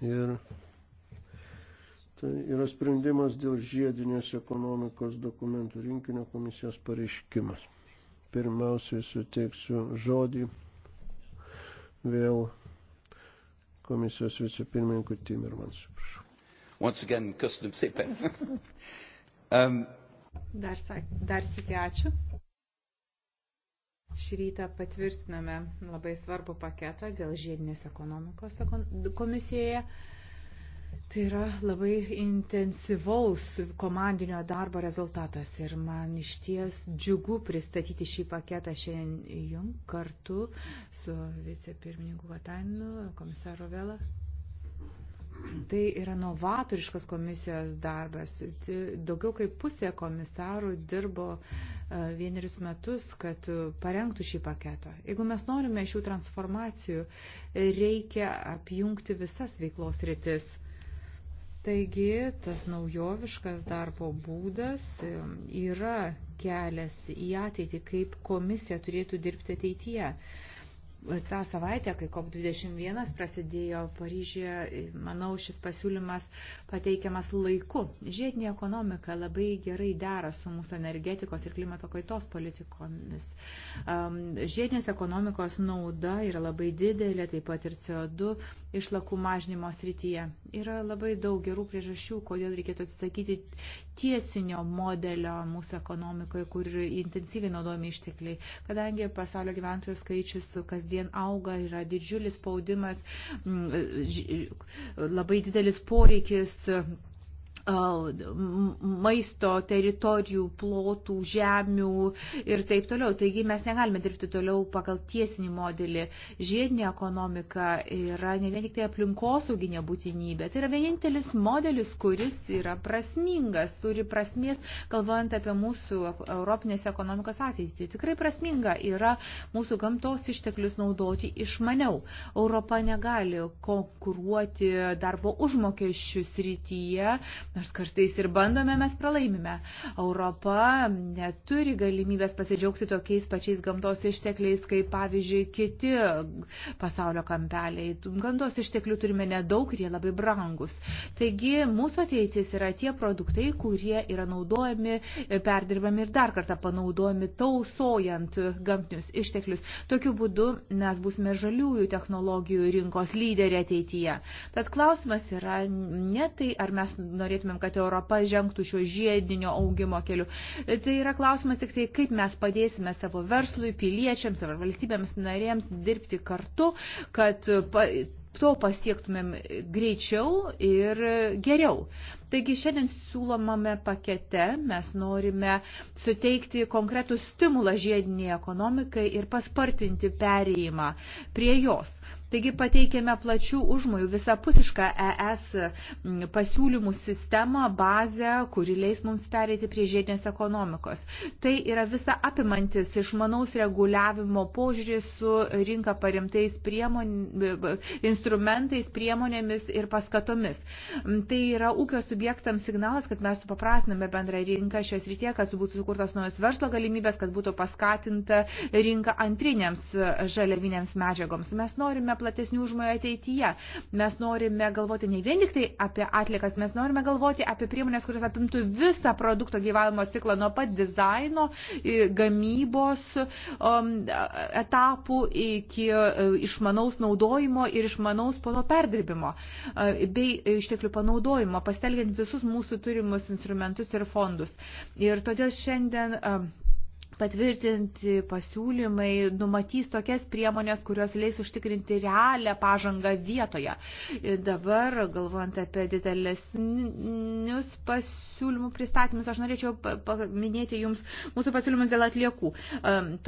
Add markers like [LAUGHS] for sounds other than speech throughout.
Ir tai yra sprendimas dėl žiedinės ekonomikos dokumentų rinkinio komisijos pareiškimas. Pirmiausiai suteiksiu žodį vėl komisijos vicepirmininkui Timirmansui. Prašau. Once again, köszönöm szépen. [LAUGHS] um, dar, dar sėki ačiū. Šį rytą patvirtiname labai svarbų paketą dėl žiedinės ekonomikos komisijoje. Tai yra labai intensyvaus komandinio darbo rezultatas ir man iš ties džiugu pristatyti šį paketą šiandien jum kartu su vicepirmininku Vatainu, komisaro Vela. Tai yra novatoriškas komisijos darbas. Daugiau kaip pusė komisarų dirbo uh, E, vienerius metus, kad e, parengtų šį paketą. Jeigu mes norime šių transformacijų, reikia apjungti visas veiklos rytis. Taigi, tas naujoviškas darbo būdas e, yra kelias į ateitį, kaip komisija turėtų dirbti ateityje tą savaitę, kai COP21 prasidėjo Paryžyje, manau, šis pasiūlymas pateikiamas laiku. Žiedinė ekonomika labai gerai dera su mūsų energetikos ir klimato kaitos politikomis. Žiedinės ekonomikos nauda yra labai didelė, taip pat ir CO2 išlakų mažnymo srityje. Yra labai daug gerų priežasčių, kodėl reikėtų atsisakyti tiesinio modelio mūsų ekonomikoje, kur intensyviai naudojami ištekliai. Kadangi pasaulio gyventojų skaičius kasdien auga, yra didžiulis spaudimas, labai didelis poreikis maisto teritorijų, plotų, žemių ir taip toliau. Taigi mes negalime dirbti toliau pagal tiesinį modelį. Žiedinė ekonomika yra ne vien tik tai aplinkosauginė būtinybė. Tai yra vienintelis modelis, kuris yra prasmingas, turi prasmės, kalbant apie mūsų europinės ekonomikos ateitį. Tikrai prasminga yra mūsų gamtos išteklius naudoti išmaniau. Europa negali konkuruoti darbo užmokesčių srityje Nors kartais ir bandome, mes pralaimime. Europa neturi galimybės pasidžiaugti tokiais pačiais gamtos ištekliais, kaip pavyzdžiui kiti pasaulio kampeliai. Gamtos išteklių turime nedaug ir jie labai brangus. Taigi mūsų ateitis yra tie produktai, kurie yra naudojami, perdirbami ir dar kartą panaudojami tausojant gamtinius išteklius. Tokiu būdu mes būsime žaliųjų technologijų rinkos lyderiai ateityje. Tad klausimas yra ne tai, ar mes norėtume norėtumėm, kad Europa žengtų šio žiedinio augimo keliu. Tai yra klausimas tik tai, kaip mes padėsime savo verslui, piliečiams ar valstybėms narėms dirbti kartu, kad to pasiektumėm greičiau ir geriau. Taigi šiandien siūlomame pakete mes norime suteikti konkretų stimulą žiediniai ekonomikai ir paspartinti perėjimą prie jos. Taigi pateikėme plačių užmojų visapusišką ES pasiūlymų sistemą, bazę, kuri leis mums perėti prie žiedinės ekonomikos. Tai yra visa apimantis išmanaus reguliavimo požiūrį su rinka paremtais priemon, instrumentais, priemonėmis ir paskatomis. Tai yra ūkio subjektams signalas, kad mes supaprasname bendrą rinką šios rytie, kad būtų sukurtos naujos verslo galimybės, kad būtų paskatinta rinka antrinėms žaliaviniams medžiagoms. Mes norime platesnių užmojų ateityje. Mes norime galvoti ne vien tik tai apie atlikas, mes norime galvoti apie priemonės, kurios apimtų visą produkto gyvavimo ciklą nuo pat dizaino, gamybos um, etapų iki e, išmanaus naudojimo ir išmanaus pono perdirbimo e, bei išteklių panaudojimo, pastelgiant visus mūsų turimus instrumentus ir fondus. Ir todėl šiandien e, patvirtinti pasiūlymai numatys tokias priemonės, kurios leis užtikrinti realią pažangą vietoje. Ir dabar, galvojant apie didelesnius pasiūlymų pristatymus, aš norėčiau paminėti Jums mūsų pasiūlymus dėl atliekų.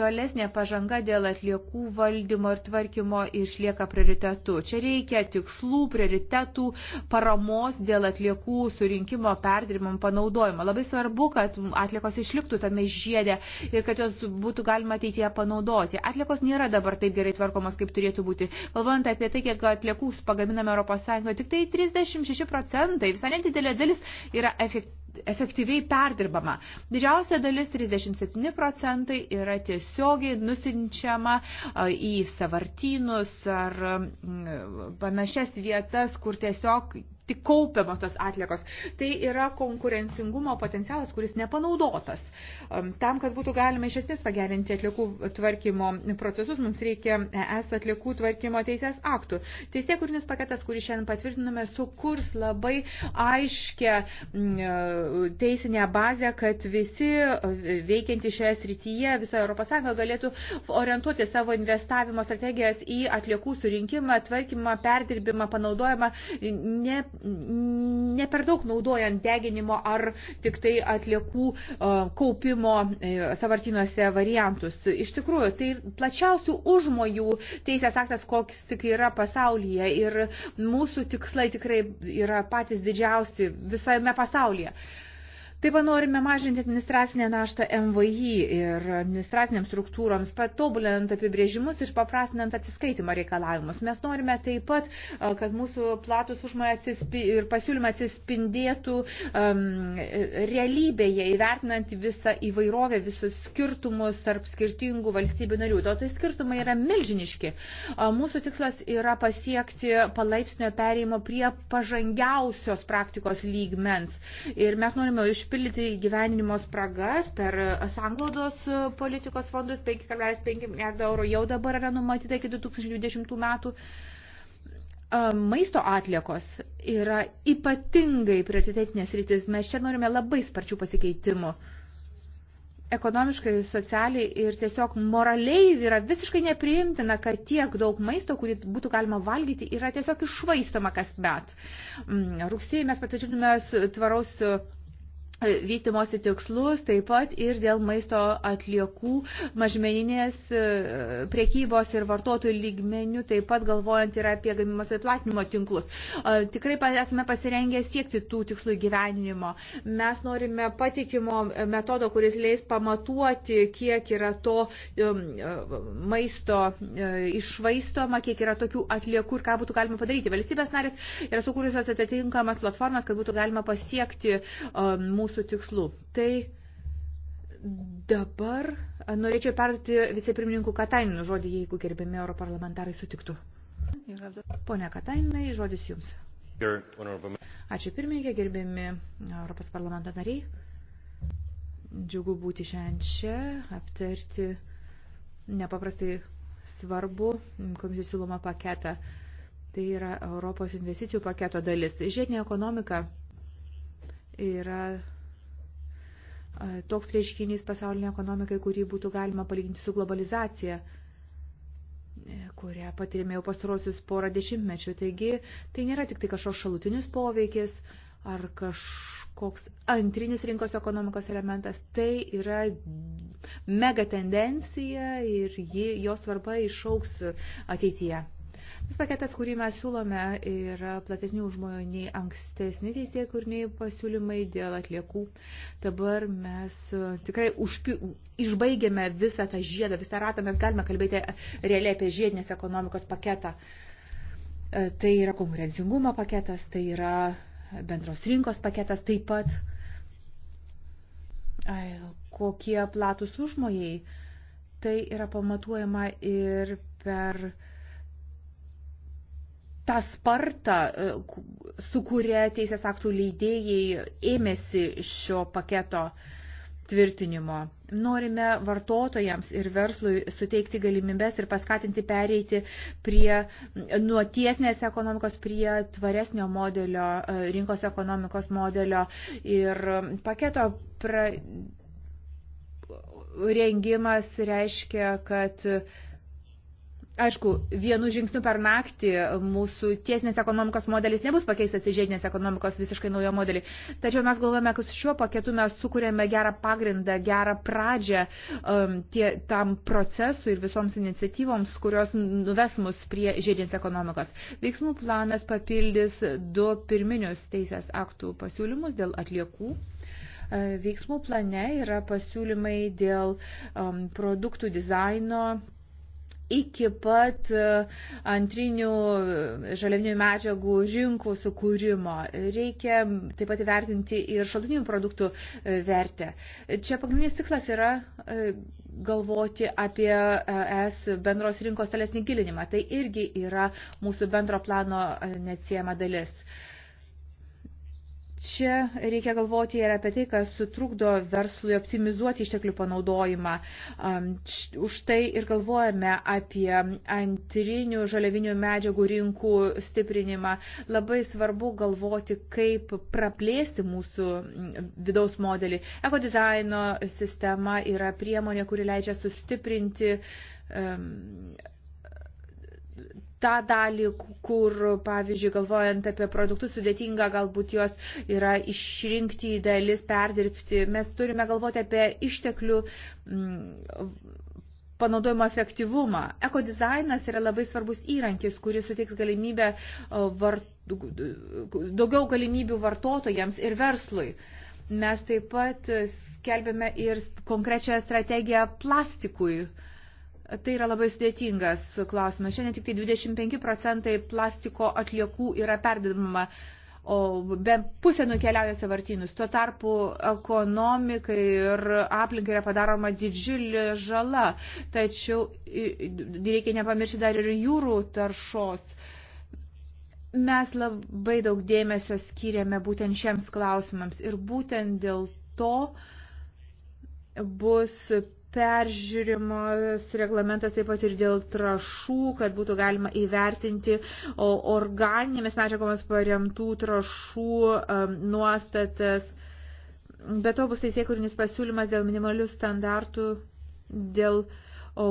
Tolesnė pažanga dėl atliekų valdymo ir tvarkymo išlieka prioritetu. Čia reikia tikslų, prioritetų, paramos dėl atliekų surinkimo, perdirbimo, panaudojimo. Labai svarbu, kad atliekos išliktų tame žiedė ir kad jos būtų galima ateityje panaudoti. Atlikos nėra dabar taip gerai tvarkomos, kaip turėtų būti. Kalbant apie tai, kiek atliekų pagaminame Europos Sąjungoje, tik tai 36 procentai, visai nedidelė dalis yra efektyviai perdirbama. Didžiausia dalis, 37 procentai, yra tiesiogiai nusinčiama į savartynus ar panašias vietas, kur tiesiog tik kaupiamos tos atliekos. Tai yra konkurencingumo potencialas, kuris nepanaudotas. Tam, kad būtų galima iš esmės pagerinti atliekų tvarkymo procesus, mums reikia ES atliekų tvarkymo teisės aktų. Teisė kūrinis paketas, kurį šiandien patvirtiname, sukurs labai aiškę teisinę bazę, kad visi veikianti šioje srityje visoje ES galėtų orientuoti savo investavimo strategijas į atliekų surinkimą, tvarkymą, perdirbimą, panaudojimą, ne, ne per daug naudojant deginimo ar tik tai atliekų e, kaupimo e, savartinuose variantus. Iš tikrųjų, tai plačiausių užmojų teisės aktas, koks tik yra pasaulyje ir mūsų tikslai tikrai yra patys didžiausi visame pasaulyje. Taip pat norime mažinti administracinę naštą MVI ir administraciniams struktūroms, patobulinant apibrėžimus ir paprastinant atsiskaitimo reikalavimus. Mes norime taip pat, kad mūsų platus užmai atsispi ir pasiūlymai atsispindėtų um, realybėje, įvertinant visą įvairovę, visus skirtumus tarp skirtingų valstybių narių. O tai skirtumai yra milžiniški. Mūsų tikslas yra pasiekti palaipsnio perėjimo prie pažangiausios praktikos lygmens. Ir mes norime iš užpildyti gyvenimo spragas per sanglaudos politikos fondus 5,5 milijardo eurų jau dabar yra numatyta iki 2020 metų. Maisto atliekos yra ypatingai prioritetinės rytis. Mes čia norime labai sparčių pasikeitimų ekonomiškai, socialiai ir tiesiog moraliai yra visiškai nepriimtina, kad tiek daug maisto, kurį būtų galima valgyti, yra tiesiog išvaistoma kasmet. Mm, Rugsėjai mes patvirtinome tvaraus vystimosi tikslus, taip pat ir dėl maisto atliekų mažmeninės e, priekybos ir vartotojų lygmenių, taip pat galvojant ir apie gamimos ir platinimo tinklus. E, tikrai esame pasirengę siekti tų tikslų gyvenimo. Mes norime patikimo metodo, kuris leis pamatuoti, kiek yra to um, e, maisto išvaistoma, kiek yra tokių atliekų ir ką būtų galima padaryti. Valstybės narės yra sukūrusios atitinkamas platformas, kad būtų galima pasiekti um, mūsų mūsų tikslų. Tai dabar norėčiau perduoti vicepirmininkų Katainų žodį, jeigu gerbėmi europarlamentarai sutiktų. Pone Katainai, žodis jums. Ačiū pirmininkė, gerbėmi Europos parlamento nariai. Džiugu būti šiandien čia, aptarti nepaprastai svarbu komisijos siūloma paketą. Tai yra Europos investicijų paketo dalis. Žiedinė ekonomika yra toks reiškinys pasaulinė ekonomikai, kurį būtų galima palyginti su globalizacija, e, kurią patirėme jau pastarosius porą dešimtmečių. Taigi tai nėra tik tai kažkoks šalutinis poveikis ar kažkoks antrinis rinkos ekonomikos elementas. Tai yra mega tendencija ir ji, jos svarba išauks ateityje. Tas paketas, kurį mes siūlome, yra platesnių užmojų nei ankstesni teisėjai, kur nei pasiūlymai dėl atliekų. Dabar mes e, tikrai užpi... išbaigėme visą tą žiedą, visą ratą, mes galime kalbėti e, realiai apie žiedinės ekonomikos paketą. E, tai yra konkurencingumo paketas, tai yra bendros rinkos paketas taip pat. Ai, kokie platus užmojai. Tai yra pamatuojama ir per uh, tą spartą, e, su kuria teisės aktų leidėjai ėmėsi šio paketo tvirtinimo. Norime vartotojams ir verslui suteikti galimybės ir paskatinti pereiti prie nuo tiesnės ekonomikos prie tvaresnio modelio, e, rinkos ekonomikos modelio ir paketo pra... rengimas reiškia, kad Aišku, vienu žingsniu per naktį mūsų tiesinės ekonomikos modelis nebus pakeistas į žiedinės ekonomikos visiškai naujo modelį. Tačiau mes galvojame, kad su šiuo paketu mes sukūrėme gerą pagrindą, gerą pradžią um, tie, tam procesui ir visoms iniciatyvoms, kurios nuves mus prie žiedinės ekonomikos. Veiksmų planas papildys du pirminius teisės aktų pasiūlymus dėl atliekų e, veiksmų plane yra pasiūlymai dėl um, produktų dizaino, iki pat e, antrinių e, žaliavinių medžiagų rinkų sukūrimo. Reikia taip pat įvertinti ir šaltinių produktų e, vertę. Čia pagrindinis tikslas yra galvoti apie ES bendros rinkos tolesnį gilinimą. Tai irgi yra mūsų bendro plano neatsiema dalis. Čia reikia galvoti ir apie tai, kas sutrukdo verslui optimizuoti išteklių panaudojimą. Už tai ir galvojame apie antrinių žaliavinių medžiagų rinkų stiprinimą. Labai svarbu galvoti, kaip praplėsti mūsų vidaus modelį. Ekodizaino sistema yra priemonė, kuri leidžia sustiprinti um, tą dalį, kur, pavyzdžiui, galvojant apie produktus, sudėtinga galbūt juos yra išrinkti į dalis, perdirbti. Mes turime galvoti apie išteklių mm, panaudojimo efektyvumą. Ekodizainas yra labai svarbus įrankis, kuris suteiks galimybę vart, daugiau galimybių vartotojams ir verslui. Mes taip pat skelbėme ir konkrečią strategiją plastikui. Uh, Tai yra labai sudėtingas klausimas. Šiandien tik tai 25 procentai plastiko atliekų yra perdedama, o bent pusė nukeliauja savartynus. Tuo tarpu ekonomikai ir aplinkai yra padaroma didžiulė žala, tačiau reikia nepamiršti dar ir jūrų taršos. Mes labai daug dėmesio skiriame būtent šiems klausimams ir būtent dėl to bus peržiūrimos reglamentas taip pat ir dėl trašų, kad būtų galima įvertinti organinėmis medžiagomis paremtų trašų um, nuostatas. Be to bus teisėkurinis pasiūlymas dėl minimalių standartų, dėl o,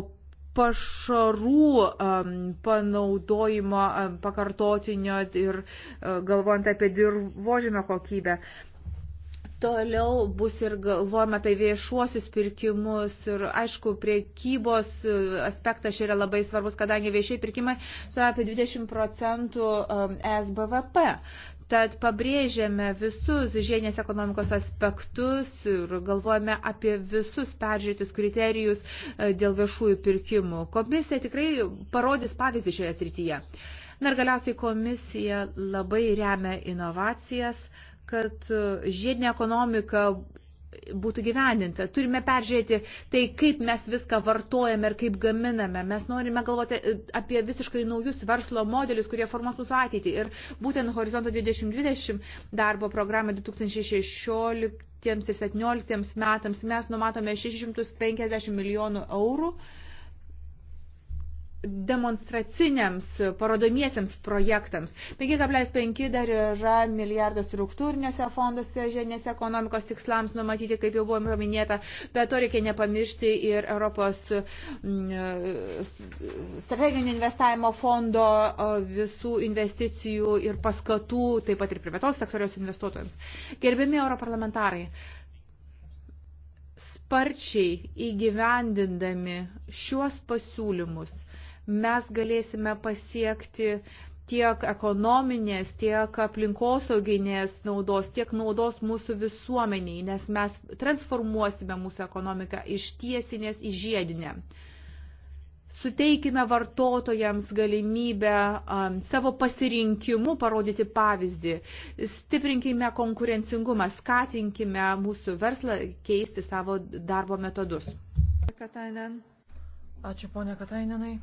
pašarų um, panaudojimo um, pakartotinio ir uh, galvojant apie dirbožymio kokybę. Um, Toliau bus ir galvojama apie viešuosius pirkimus ir, aišku, priekybos e, aspektas čia yra labai svarbus, kadangi viešiai pirkimai sudaro apie 20 procentų e, SBVP. Tad pabrėžėme visus žiedinės ekonomikos aspektus ir galvojame apie visus peržiūrėtus kriterijus e, dėl viešųjų pirkimų. Komisija tikrai parodys pavyzdį šioje srityje. Na ir galiausiai komisija labai remia inovacijas. Uh, kad e, žiedinė ekonomika būtų gyveninta. Turime peržiūrėti tai, kaip mes viską vartojame ir kaip gaminame. Mes norime galvoti e, apie visiškai naujus verslo modelius, kurie formuos mūsų ateitį. Ir būtent Horizonto 2020 darbo programą 2016 ir 2017 metams mes numatome 650 milijonų eurų demonstraciniams, parodomiesiams projektams. 5,5 dar yra milijardas struktūrinėse fonduose žemės ekonomikos tikslams numatyti, kaip jau buvo paminėta, bet to reikia nepamiršti ir Europos mm, strateginio investavimo fondo visų investicijų ir paskatų, taip pat ir privatos sektoriaus investuotojams. Gerbiami europarlamentarai, sparčiai įgyvendindami šiuos pasiūlymus – mes galėsime pasiekti tiek ekonominės, tiek aplinkosauginės naudos, tiek naudos mūsų visuomeniai, nes mes transformuosime mūsų ekonomiką iš tiesinės į žiedinę. Suteikime vartotojams galimybę um, savo pasirinkimu parodyti pavyzdį, stiprinkime konkurencingumą, skatinkime mūsų verslą keisti savo darbo metodus. Katainen. Ačiū ponia Katainenai.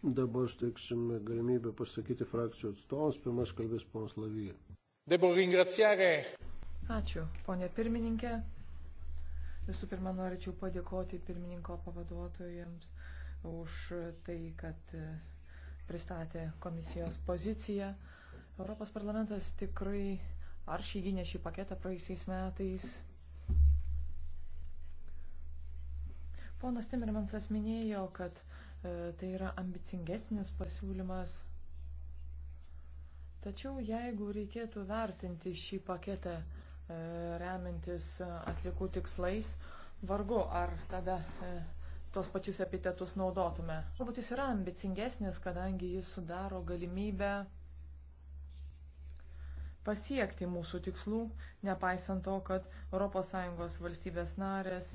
Dabar steiksime galimybę pasakyti frakcijų atstovams. Pirmas kalbės ponas Lavija. Ačiū, ponė pirmininkė. Visų pirma, norėčiau padėkoti pirmininko pavaduotojams už tai, kad e, pristatė komisijos poziciją. Europos parlamentas tikrai aršiai gynė šį paketą praeisiais metais. Ponas Timmermansas minėjo, kad E, tai yra ambicingesnis pasiūlymas. Tačiau jeigu reikėtų vertinti šį paketą e, remintis atlikų tikslais, vargu ar tada e, tos pačius epitetus naudotume. Galbūt jis yra ambicingesnis, kadangi jis sudaro galimybę pasiekti mūsų tikslų, nepaisant to, kad ES valstybės narės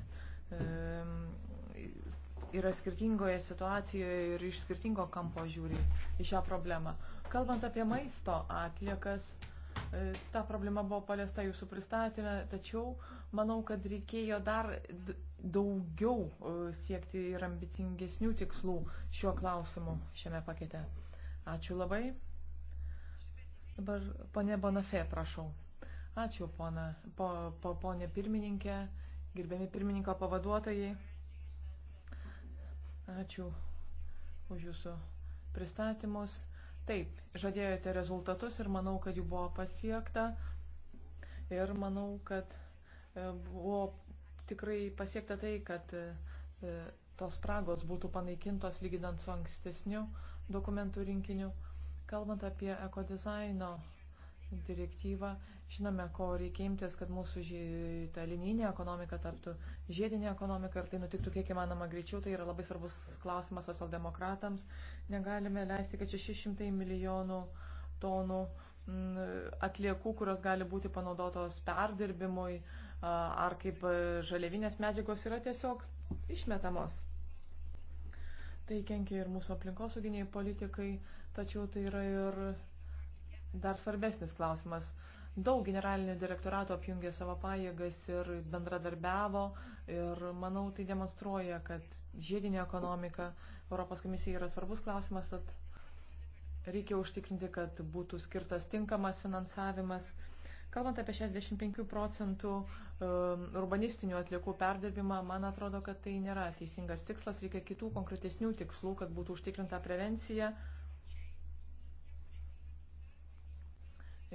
yra skirtingoje situacijoje ir iš skirtingo kampo žiūri į šią problemą. Kalbant apie maisto atliekas, e, ta problema buvo paliesta jūsų pristatymė, tačiau manau, kad reikėjo dar daugiau e, siekti ir ambicingesnių tikslų šiuo klausimu šiame pakete. Ačiū labai. Dabar ponė Bonafė, prašau. Ačiū, pona, po, po, ponė pirmininkė, gerbiami pirmininko pavaduotojai. Ačiū už jūsų pristatymus. Taip, žadėjote rezultatus ir manau, kad jų buvo pasiekta. Ir manau, kad e, buvo tikrai pasiekta tai, kad e, tos spragos būtų panaikintos lyginant su ankstesniu dokumentų rinkiniu. Kalbant apie ekodizaino direktyvą. Žinome, ko reikia imtis, kad mūsų ta linijinė ekonomika taptų žiedinė ekonomika ir tai nutiktų kiek įmanoma greičiau. Tai yra labai svarbus klausimas socialdemokratams. Negalime leisti, kad 600 milijonų tonų mm, atliekų, kurios gali būti panaudotos perdirbimui ar kaip žaliavinės medžiagos yra tiesiog išmetamos. Tai kenkia ir mūsų aplinkosauginiai politikai, tačiau tai yra ir dar svarbesnis klausimas. Daug generalinio direktorato apjungė savo pajėgas ir bendradarbiavo ir manau tai demonstruoja, kad žiedinė ekonomika Europos komisija yra svarbus klausimas, tad reikia užtikrinti, kad būtų skirtas tinkamas finansavimas. Kalbant apie 65 procentų um, urbanistinių atliekų perdirbimą, man atrodo, kad tai nėra teisingas tikslas, reikia kitų konkretesnių tikslų, kad būtų užtikrinta prevencija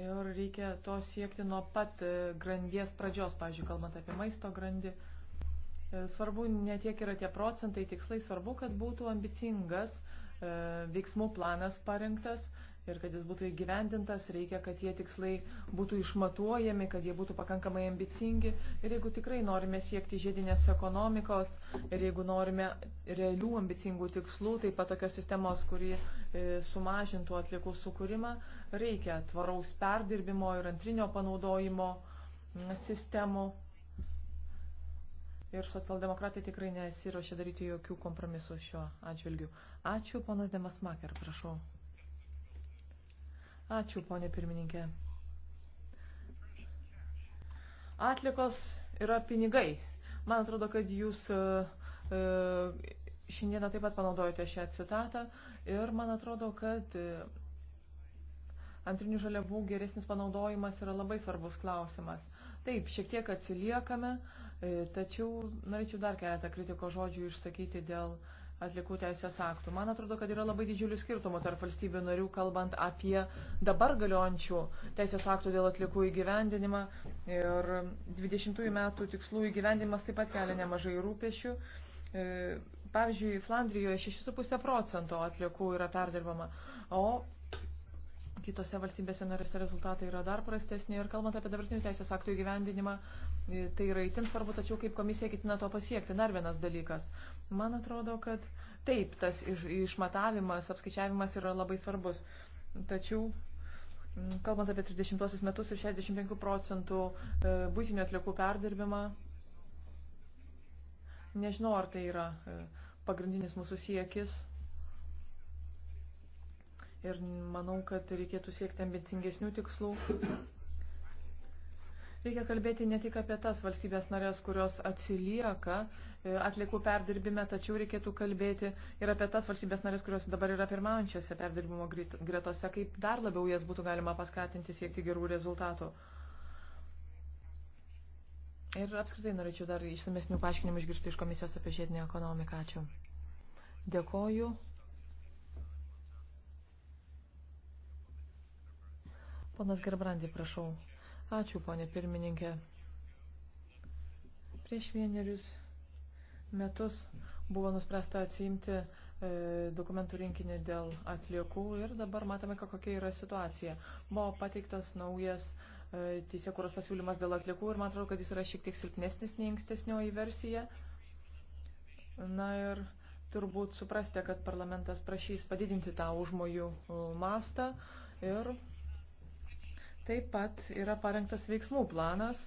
Ir reikia to siekti nuo pat e, grandies pradžios, pavyzdžiui, kalbant apie maisto grandį. E, svarbu ne tiek yra tie procentai, tikslai, svarbu, kad būtų ambicingas e, veiksmų planas parengtas ir kad jis būtų įgyvendintas, reikia, kad tie tikslai būtų išmatuojami, kad jie būtų pakankamai ambicingi. Ir jeigu tikrai norime siekti žiedinės ekonomikos ir jeigu norime realių ambicingų tikslų, taip pat tokios sistemos, kuri e, sumažintų atlikų sukūrimą, reikia tvaraus perdirbimo ir antrinio panaudojimo sistemų. Ir socialdemokratai tikrai nesiuošia daryti jokių kompromisų šiuo atžvilgiu. Ačiū, ponas Demasmaker, prašau. Ačiū, ponė pirmininkė. Atlikos yra pinigai. Man atrodo, kad jūs e, e, šiandieną taip pat panaudojate šią citatą ir man atrodo, kad e, antrinių žaliavų geresnis panaudojimas yra labai svarbus klausimas. Taip, šiek tiek atsiliekame, tačiau norėčiau dar keletą kritiko žodžių išsakyti dėl uh, atlikų teisės aktų. Man atrodo, kad yra labai didžiulių skirtumų tarp valstybių narių, kalbant apie dabar galiojančių teisės aktų dėl atlikų įgyvendinimą. Ir 20 metų tikslų įgyvendinimas taip pat kelia nemažai rūpešių. E, pavyzdžiui, Flandrijoje 6,5 procento atliekų yra perdirbama, o Kitose valstybėse narėse rezultatai yra dar prastesni ir kalbant apie dabartinių teisės aktų įgyvendinimą, e, tai yra itin svarbu, tačiau kaip komisija ketina to pasiekti. Dar vienas dalykas. Man atrodo, kad taip, tas iš, išmatavimas, apskaičiavimas yra labai svarbus. Tačiau kalbant apie 30 metus ir 65 procentų e, būtinių atliekų perdirbimą, nežinau, ar tai yra e, pagrindinis mūsų siekis ir manau, kad reikėtų siekti ambicingesnių tikslų. Reikia kalbėti ne tik apie tas valstybės narės, kurios atsilieka e, atliekų perdirbime, tačiau reikėtų kalbėti ir apie tas valstybės narės, kurios dabar yra pirmaujančiose perdirbimo gretose, kaip dar labiau jas būtų galima paskatinti siekti gerų rezultatų. Ir apskritai norėčiau dar išsamesnių paaiškinimų išgirsti iš komisijos apie žiedinę ekonomiką. Ačiū. Dėkoju. Ponas Gerbrandį, prašau. Ačiū, ponė pirmininkė. Prieš vienerius metus buvo nuspręsta atsiimti e, dokumentų rinkinį dėl atliekų ir dabar matome, kokia yra situacija. Buvo pateiktas naujas e, teisėkūros pasiūlymas dėl atliekų ir man atrodo, kad jis yra šiek tiek silpnesnis nei ankstesnioji versija. Na ir turbūt suprastė, kad parlamentas prašys padidinti tą užmojų e, mastą ir Taip pat yra parengtas veiksmų planas,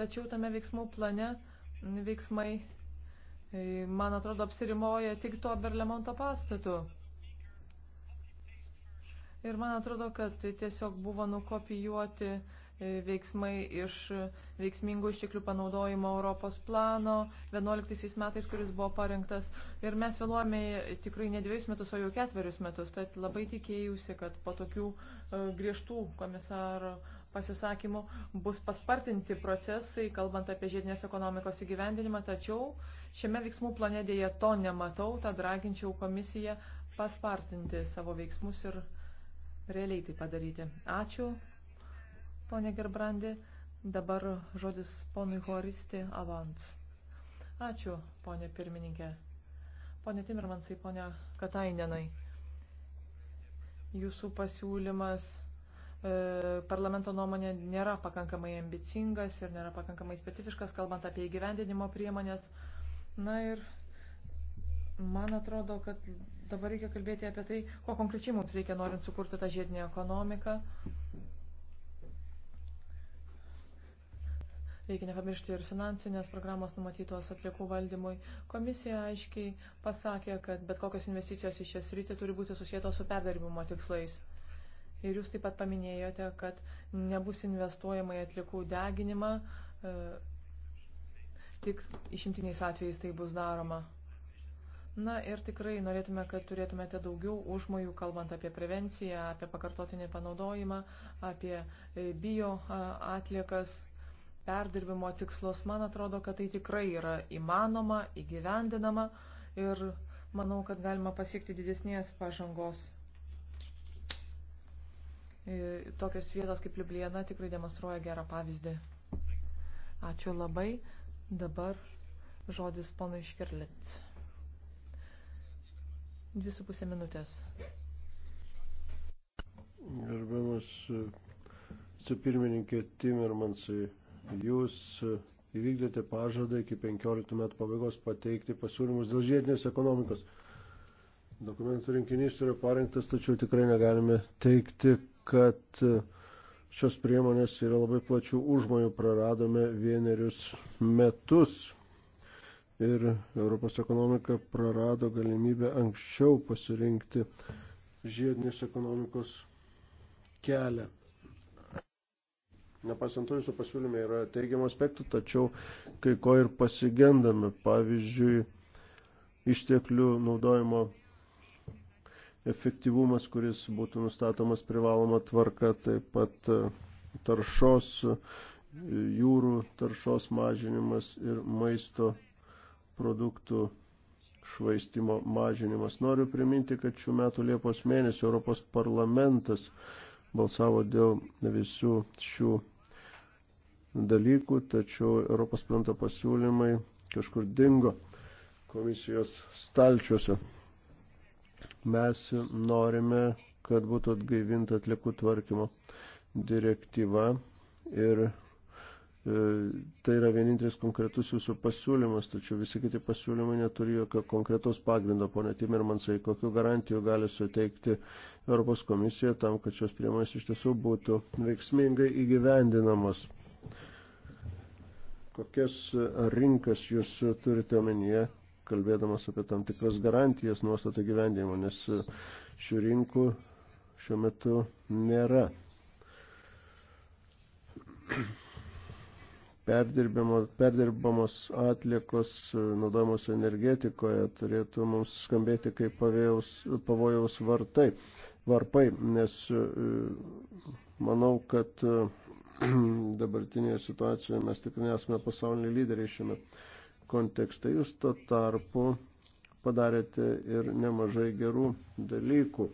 tačiau tame veiksmų plane veiksmai, e, man atrodo, apsirimoja tik tuo Berlemonto pastatu. Ir man atrodo, kad tiesiog buvo nukopijuoti uh, E, veiksmai iš veiksmingų išteklių panaudojimo Europos plano 11 metais, kuris buvo parengtas. Ir mes vėluojame tikrai ne dviejus metus, o jau ketverius metus. Tad labai tikėjausi, kad po tokių e, griežtų komisaro pasisakymų bus paspartinti procesai, kalbant apie žiedinės ekonomikos įgyvendinimą. Tačiau šiame veiksmų plane dėje to nematau, tad raginčiau komisiją paspartinti savo veiksmus ir realiai tai padaryti. Ačiū ponė Gerbrandi. Dabar žodis ponui Horisti avans. Ačiū, ponė pirmininkė. Pone Timirmansai, ponė Katainenai. Jūsų pasiūlymas e, parlamento nuomonė nėra pakankamai ambicingas ir nėra pakankamai specifiškas, kalbant apie įgyvendinimo priemonės. Na ir man atrodo, kad dabar reikia kalbėti apie tai, ko konkrečiai mums reikia, norint sukurti tą žiedinę ekonomiką. Reikia nepamiršti ir finansinės programos numatytos atliekų valdymui. Komisija aiškiai pasakė, kad bet kokios investicijos į šią sritį turi būti susijėtos su perdirbimo tikslais. Ir jūs taip pat paminėjote, kad nebus investuojama į atliekų deginimą, e, tik išimtiniais atvejais tai bus daroma. Na ir tikrai norėtume, kad turėtumėte daugiau užmojų, kalbant apie prevenciją, apie pakartotinį panaudojimą, apie e, bio atliekas perdirbimo tikslus. Man atrodo, kad tai tikrai yra įmanoma, įgyvendinama ir manau, kad galima pasiekti didesnės pažangos. E, tokios vietos kaip Liubliana tikrai demonstruoja gerą pavyzdį. Ačiū labai. Dabar žodis ponui Škirlitz. Dvi su pusė minutės. Gerbiamas su e, pirmininkė Timermansai, jūs įvykdėte pažadą iki 15 metų pabaigos pateikti pasiūlymus dėl žiedinės ekonomikos. Dokumentų rinkinys yra parengtas, tačiau tikrai negalime teikti, kad šios priemonės yra labai plačių užmojų, praradome vienerius metus ir Europos ekonomika prarado galimybę anksčiau pasirinkti žiedinės ekonomikos kelią. Nepasant to, jūsų pasiūlyme yra teigiamų aspektų, tačiau kai ko ir pasigendame, pavyzdžiui, išteklių naudojimo efektyvumas, kuris būtų nustatomas privaloma tvarka, taip pat e, taršos, e, jūrų taršos mažinimas ir maisto produktų švaistimo mažinimas. Noriu priminti, kad šių metų Liepos mėnesį Europos parlamentas balsavo dėl visų šių dalykų, tačiau Europos plento pasiūlymai kažkur dingo komisijos stalčiuose. Mes norime, kad būtų atgaivinta atliekų tvarkymo direktyva ir e, tai yra vienintelis konkretus jūsų pasiūlymas, tačiau visi kiti pasiūlymai neturi jokio konkretaus pagrindo, ponė Timirmansai, kokiu garantiju gali suteikti Europos komisija tam, kad šios priemonės iš tiesų būtų veiksmingai įgyvendinamos kokias rinkas jūs turite omenyje, kalbėdamas apie tam tikras garantijas nuostatų gyvendėjimo, nes šių rinkų šiuo metu nėra. Perdirbamos atliekos naudojamos energetikoje turėtų mums skambėti kaip pavėjaus, pavojaus vartai, varpai, nes e, manau, kad e, [CLEARS THROAT] dabartinėje situacijoje mes tikrai nesame pasauliniai lyderiai šiame kontekste. Jūs to tarpu padarėte ir nemažai gerų dalykų.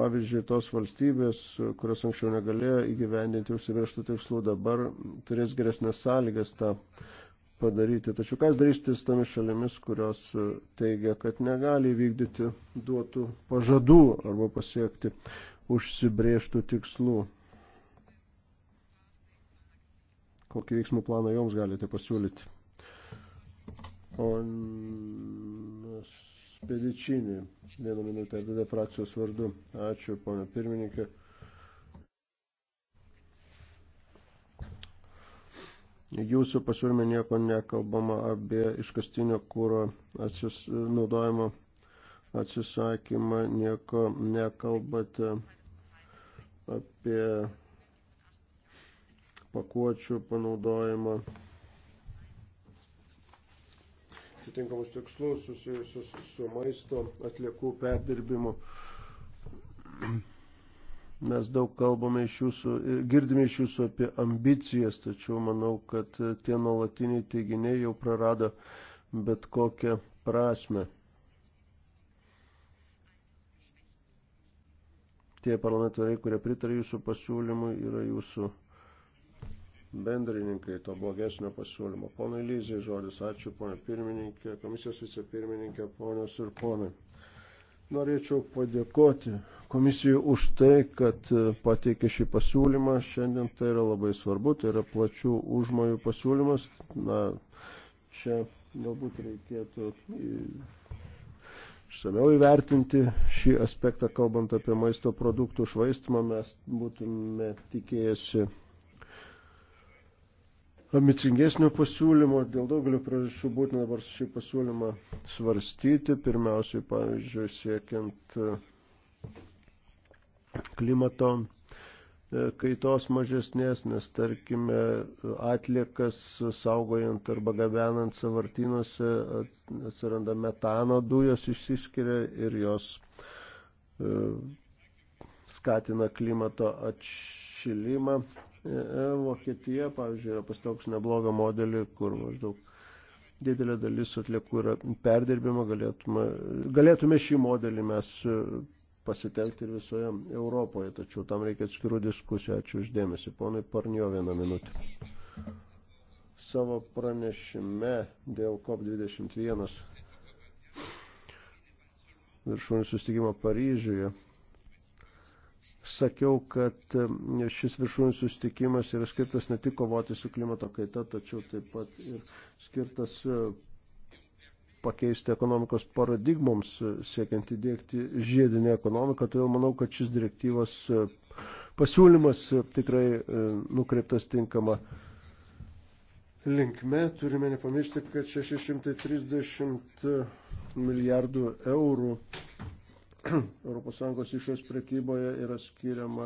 Pavyzdžiui, tos valstybės, kurios anksčiau negalėjo įgyvendinti užsibrieštų tikslų, dabar turės geresnės sąlygas tą padaryti. Tačiau kas darysite su tomis šalimis, kurios teigia, kad negali vykdyti duotų pažadų arba pasiekti užsibrieštų tikslų? kokį veiksmų planą joms galite pasiūlyti. O Spedičinį, vieną minutę, tada frakcijos vardu. Ačiū, ponia pirmininkė. Jūsų pasiūlyme nieko nekalbama apie iškastinio kūro atsis, naudojimo atsisakymą, nieko nekalbate apie pakuočių panaudojimą atitinkamus tikslus susijusius su maisto atliekų perdirbimu. Mes daug kalbame iš jūsų, girdime iš jūsų apie ambicijas, tačiau manau, kad tie nuolatiniai teiginiai jau prarado bet kokią prasme. Tie parlamentariai, kurie pritarė jūsų pasiūlymui, yra jūsų bendrininkai to blogesnio pasiūlymo. Pono Lyzai žodis, ačiū ponė pirmininkė, komisijos vicepirmininkė, ponios ir ponai. Norėčiau padėkoti komisijų už tai, kad e, pateikė šį pasiūlymą. Šiandien tai yra labai svarbu, tai yra plačių užmojų pasiūlymas. Na, čia galbūt reikėtų išsameu įvertinti šį aspektą, kalbant apie maisto produktų švaistimą, mes būtume tikėjęsi ambicingesnio pasiūlymo, dėl daugelio priežasčių būtina dabar šį pasiūlymą svarstyti, pirmiausiai, pavyzdžiui, siekiant e, klimato e, kaitos mažesnės, nes tarkime atliekas saugojant arba gabenant savartynuose atsiranda metano dujos išsiskiria ir jos e, skatina klimato atšilimą E, Vokietija, pavyzdžiui, yra pasitelks neblogą modelį, kur maždaug didelė dalis atliekų yra perdirbima, galėtume, galėtume šį modelį mes pasitelkti ir visoje Europoje, tačiau tam reikia atskirų diskusijų. Ačiū uždėmesi. Ponai Parnio vieną minutę. Savo pranešime dėl COP21 viršūnių sustikimo Paryžiuje sakiau, kad e, šis viršūnių sustikimas yra skirtas ne tik kovoti su klimato kaita, tačiau taip pat ir skirtas e, pakeisti ekonomikos paradigmoms, e, siekiant įdėkti žiedinę ekonomiką. Todėl manau, kad šis direktyvos pasiūlymas tikrai nukreiptas tinkama linkme. Turime nepamiršti, kad 630 milijardų eurų ES [CLEARS THROAT] išės prekyboje yra skiriama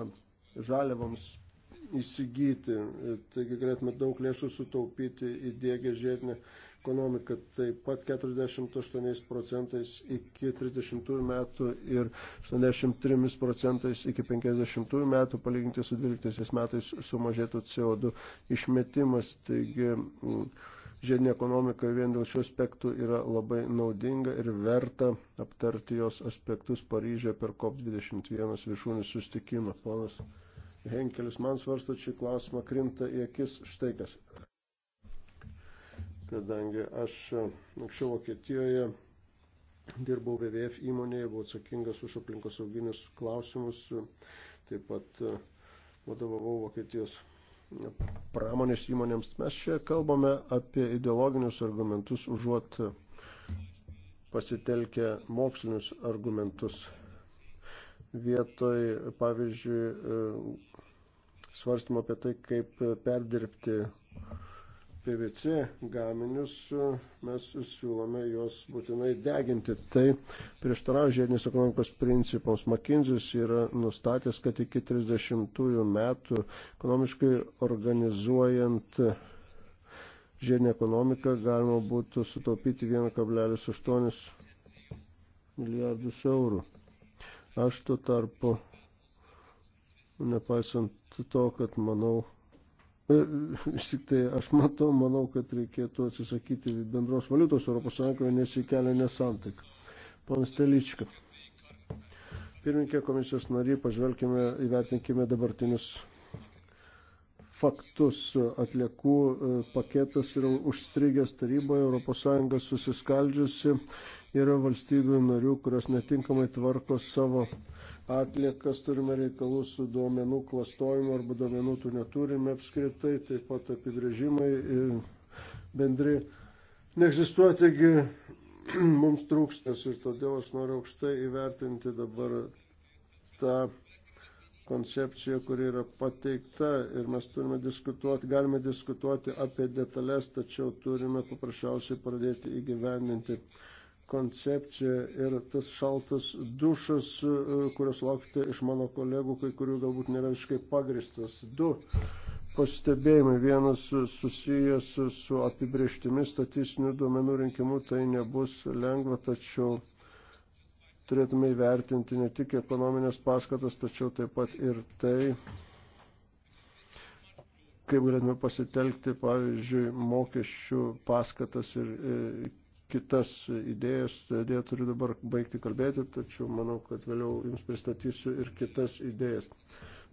žaliavams įsigyti. Taigi galėtume daug lėšų sutaupyti įdėgę žiedinę ekonomiką. Taip pat 48 procentais iki 30 metų ir 83 procentais iki 50 metų palyginti su 12 metais sumažėtų CO2 išmetimas. Taigi, mm, žiedinė ekonomika vien dėl šių aspektų yra labai naudinga ir verta aptarti jos aspektus Paryžė per COP21 viršūnį sustikimą. Ponas Henkelis, man svarstat šį klausimą, krinta į akis štai kas. Kadangi aš anksčiau Vokietijoje dirbau VVF įmonėje, buvau atsakingas už aplinkosauginius klausimus, taip pat vadovavau Vokietijos pramonės įmonėms. Mes čia kalbame apie ideologinius argumentus, užuot pasitelkę mokslinius argumentus. Vietoj, pavyzdžiui, svarstymo apie tai, kaip perdirbti PVC gaminius, e, mes siūlome juos būtinai deginti. Tai prieštarauja žiedinės ekonomikos principams. McKinsey's yra nustatęs, kad iki 30 metų ekonomiškai organizuojant žiedinę ekonomiką galima būtų sutaupyti 1,8 milijardus eurų. Aš tuo tarpu, nepaisant to, kad manau, E, vis tik tai aš matau, manau, kad reikėtų atsisakyti bendros valiutos Europos Sąjungoje, nes jį kelia nesantaiką. Ponas Telička. Pirminkė komisijos nariai, pažvelkime, įvertinkime dabartinius faktus. Atliekų e, paketas yra užstrigęs taryboje, Europos Sąjunga susiskaldžiusi, yra valstybių narių, kurios netinkamai tvarko savo atliekas, turime reikalų su duomenų klastojimu arba duomenų tų neturime apskritai, taip pat apibrėžimai bendri neegzistuoja, taigi [CLEARS THROAT] mums trūkstas ir todėl aš noriu aukštai įvertinti dabar tą koncepcija, kuri yra pateikta ir mes turime diskutuoti, galime diskutuoti apie detalės, tačiau turime paprasčiausiai pradėti įgyvendinti koncepciją ir tas šaltas dušas, e, kurios laukite iš mano kolegų, kai kurių galbūt nėra visiškai pagristas. Du pastebėjimai. Vienas susijęs su apibrieštimi statistinių duomenų rinkimu, tai nebus lengva, tačiau turėtume įvertinti ne tik ekonominės paskatas, tačiau taip pat ir tai, kaip galėtume pasitelkti, pavyzdžiui, mokesčių paskatas ir e, kitas idėjas, dėja turiu dabar baigti kalbėti, tačiau manau, kad vėliau jums pristatysiu ir kitas idėjas.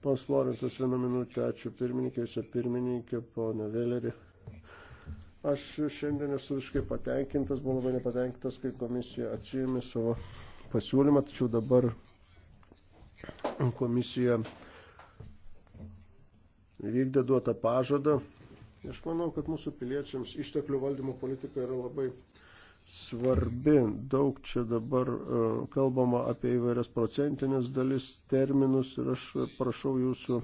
Pons Florensas, vieną minutę, ačiū pirmininkė, jūs pirmininkė, ponė Vėlerį. Aš šiandien esu visiškai patenkintas, buvau labai nepatenkintas, kai komisija atsijėmė savo pasiūlymą, tačiau dabar komisija vykdė duotą pažadą. Aš manau, kad mūsų piliečiams išteklių valdymo politika yra labai svarbi. Daug čia dabar e, kalbama apie įvairias procentinės dalis terminus ir aš prašau jūsų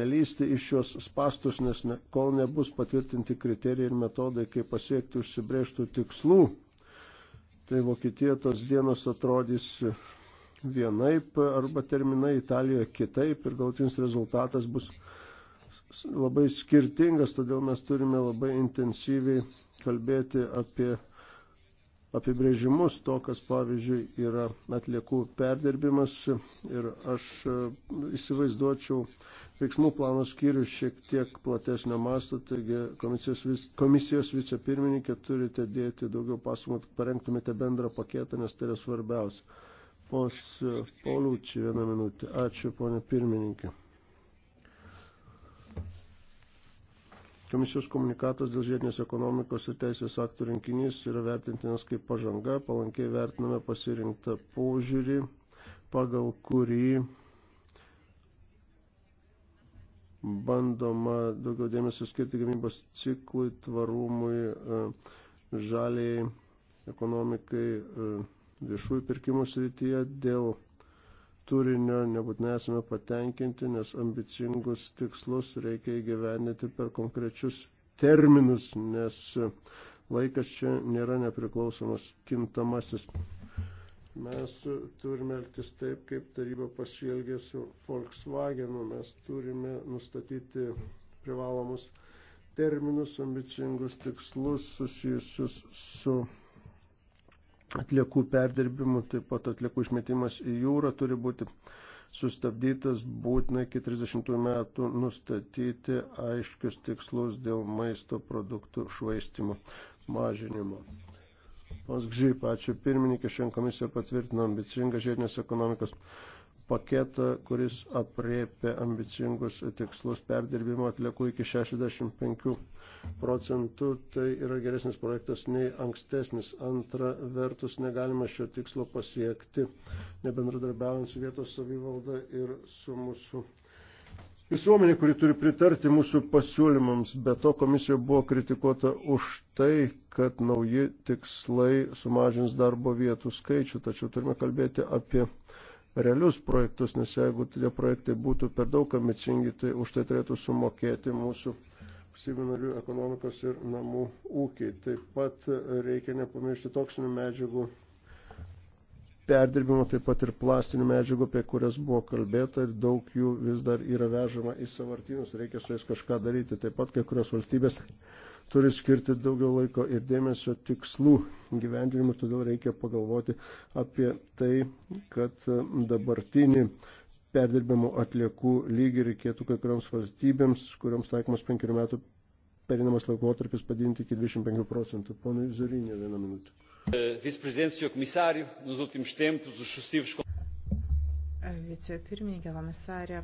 nelysti iš šios spastus, nes ne, kol nebus patvirtinti kriterijai ir metodai, kaip pasiekti užsibrėžtų tikslų, tai Vokietija tos dienos atrodys vienaip arba terminai Italijoje kitaip ir galtinis rezultatas bus labai skirtingas, todėl mes turime labai intensyviai kalbėti apie apibrėžimus to, kas pavyzdžiui yra atliekų perdirbimas ir aš e, įsivaizduočiau veiksmų plano skyrių šiek tiek platesnio masto, taigi komisijos, komisijos vicepirmininkė turite dėti daugiau pasumot, parengtumėte bendrą paketą, nes tai yra svarbiausia. Pos e, Pauliučiai vieną minutę. Ačiū, ponė pirmininkė. Komisijos komunikatas dėl žiedinės ekonomikos ir teisės aktų rinkinys yra vertintinas kaip pažanga, palankiai vertiname pasirinktą požiūrį, pagal kurį bandoma daugiau dėmesio skirti gamybos ciklui, tvarumui, e, žaliai ekonomikai e, viešųjų pirkimų srityje dėl turinio nebūtinai esame patenkinti, nes ambicingus tikslus reikia įgyvendinti per konkrečius terminus, nes laikas čia nėra nepriklausomas kintamasis. Mes turime elgtis taip, kaip taryba pasielgė su Volkswagenu. Mes turime nustatyti privalomus terminus, ambicingus tikslus susijusius su atliekų perdirbimu, taip pat atliekų išmetimas į jūrą turi būti sustabdytas, būtina iki 30 metų nustatyti aiškius tikslus dėl maisto produktų švaistimo mažinimo. Pas Gžyp, ačiū pirmininkė, šiandien komisija patvirtino ambicingą žiedinės ekonomikos paketą, kuris apriepia ambicingus tikslus perdirbimo atliekų iki 65 procentų. Tai yra geresnis projektas nei ankstesnis. Antra vertus, negalima šio tikslo pasiekti, nebendradarbiaujant su vietos savivalda ir su mūsų. Visuomenė, kuri turi pritarti mūsų pasiūlymams, be to komisija buvo kritikuota už tai, kad nauji tikslai sumažins darbo vietų skaičių, tačiau turime kalbėti apie realius projektus, nes jeigu tie projektai būtų per daug ambicingi, tai už tai turėtų sumokėti mūsų seminarių ekonomikos ir namų ūkiai. Taip pat reikia nepamiršti toksinių medžiagų perdirbimo, taip pat ir plastinių medžiagų, apie kurias buvo kalbėta ir daug jų vis dar yra vežama į savartynus, reikia su jais kažką daryti. Taip pat kai kurios valstybės turi skirti daugiau laiko ir dėmesio tikslų gyvendinimu, todėl reikia pagalvoti apie tai, kad dabartinį perdirbimo atliekų lygį reikėtų kai kurioms valstybėms, kuriuoms taikomas penkerių metų perinamas laikotarpis padidinti iki 25 procentų. Ponui Zorinė vieną minutę. Vice-presidente, senhor comissário, nos últimos tempos os sucessivos vicepirmininkė komisarė,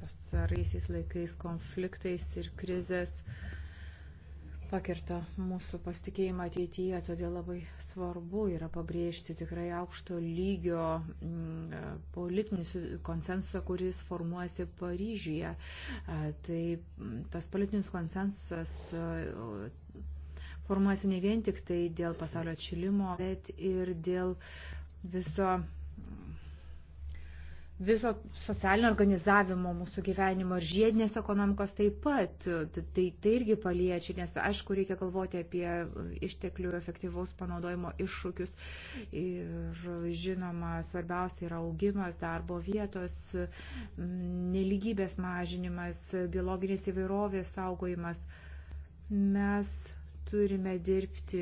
pasaraisiais laikais konfliktais ir krizės uh, pakirta mūsų pasitikėjimą ateityje, todėl labai svarbu yra pabrėžti tikrai aukšto lygio mm, politinį konsensusą, kuris formuojasi Paryžiuje. Tai mm, tas politinis konsensusas formuojasi ne vien tik tai dėl pasaulio atšilimo, bet ir dėl viso viso socialinio organizavimo mūsų gyvenimo ir žiedinės ekonomikos taip pat. Tai, tai irgi paliečia, nes aišku, reikia galvoti apie išteklių efektyvaus panaudojimo iššūkius. Ir žinoma, svarbiausia yra augimas, darbo vietos, neligybės mažinimas, biologinės įvairovės saugojimas. Mes turime dirbti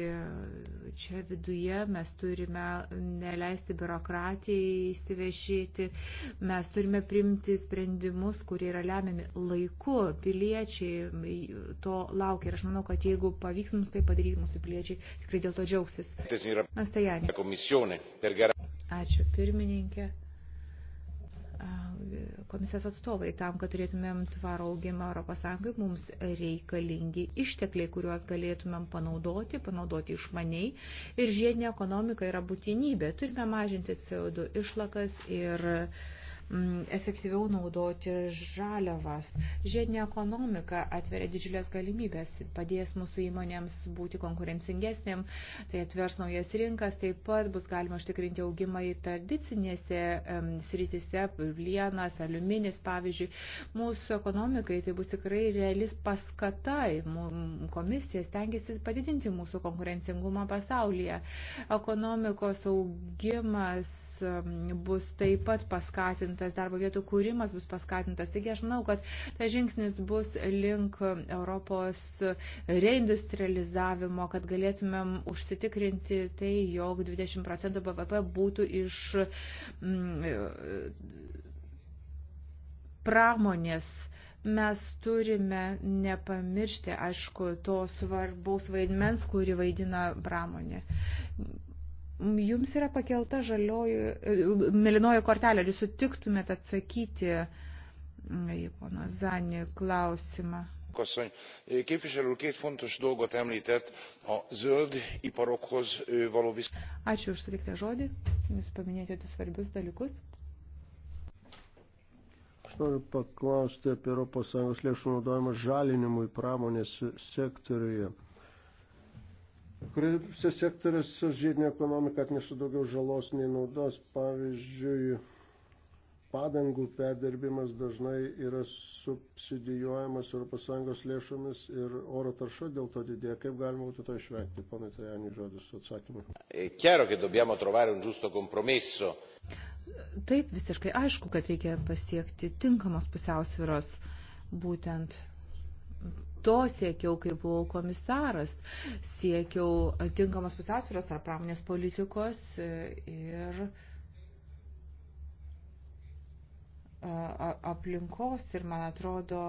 čia viduje, mes turime neleisti biurokratijai įsivešyti, mes turime primti sprendimus, kurie yra lemiami laiku, piliečiai to laukia ir aš manau, kad jeigu pavyks mums tai padaryti, mūsų piliečiai tikrai dėl to džiaugsis. Ačiū pirmininkė komisijos atstovai, tam, kad turėtumėm tvarą augimą ES, mums reikalingi ištekliai, kuriuos galėtumėm panaudoti, panaudoti išmaniai. Ir žiedinė ekonomika yra būtinybė. Turime mažinti CO2 išlakas ir uh, Mm, efektyviau naudoti žaliavas. Žiedinė ekonomika atveria didžiulės galimybės, padės mūsų įmonėms būti konkurencingesnėm, tai atvers naujas rinkas, taip pat bus galima užtikrinti augimą į tradicinėse sritise, plienas, aliuminis, pavyzdžiui. Mūsų ekonomikai tai bus tikrai realis paskatai. Komisija stengiasi padidinti mūsų konkurencingumą pasaulyje. Ekonomikos augimas Um, bus taip pat paskatintas, darbo vietų kūrimas bus paskatintas. Taigi aš manau, kad tas žingsnis bus link Europos reindustrializavimo, kad galėtumėm užsitikrinti tai, jog 20 procentų BVP būtų iš mm, pramonės mes turime nepamiršti, aišku, to svarbaus vaidmens, kurį vaidina pramonė. Jums yra pakelta žalioji, e, melinoji kortelė, ar jūs sutiktumėt atsakyti mm, į pono Zanį klausimą? asszony e, képviselő úr két fontos dolgot emltett a zöld iparokhoz e, való Ačiū už suteiktą žodį. Jūs paminėjote du svarbius dalykus. Aš noriu paklausti apie ES lėšų naudojimą žalinimui pramonės sektoriuje kuriuose sektoriuose žiedinė ekonomika atneša daugiau žalos nei naudos. Pavyzdžiui, padangų perdirbimas dažnai yra subsidijuojamas ES lėšomis ir oro tarša dėl to didėja. Kaip galima būtų to išvengti? Pane Tajani, žodis atsakymui. Taip, visiškai aišku, kad reikia pasiekti tinkamos pusiausviros būtent to siekiau, kai buvau komisaras, siekiau tinkamos pusiausvėros ar pramonės politikos ir aplinkos ir, man atrodo,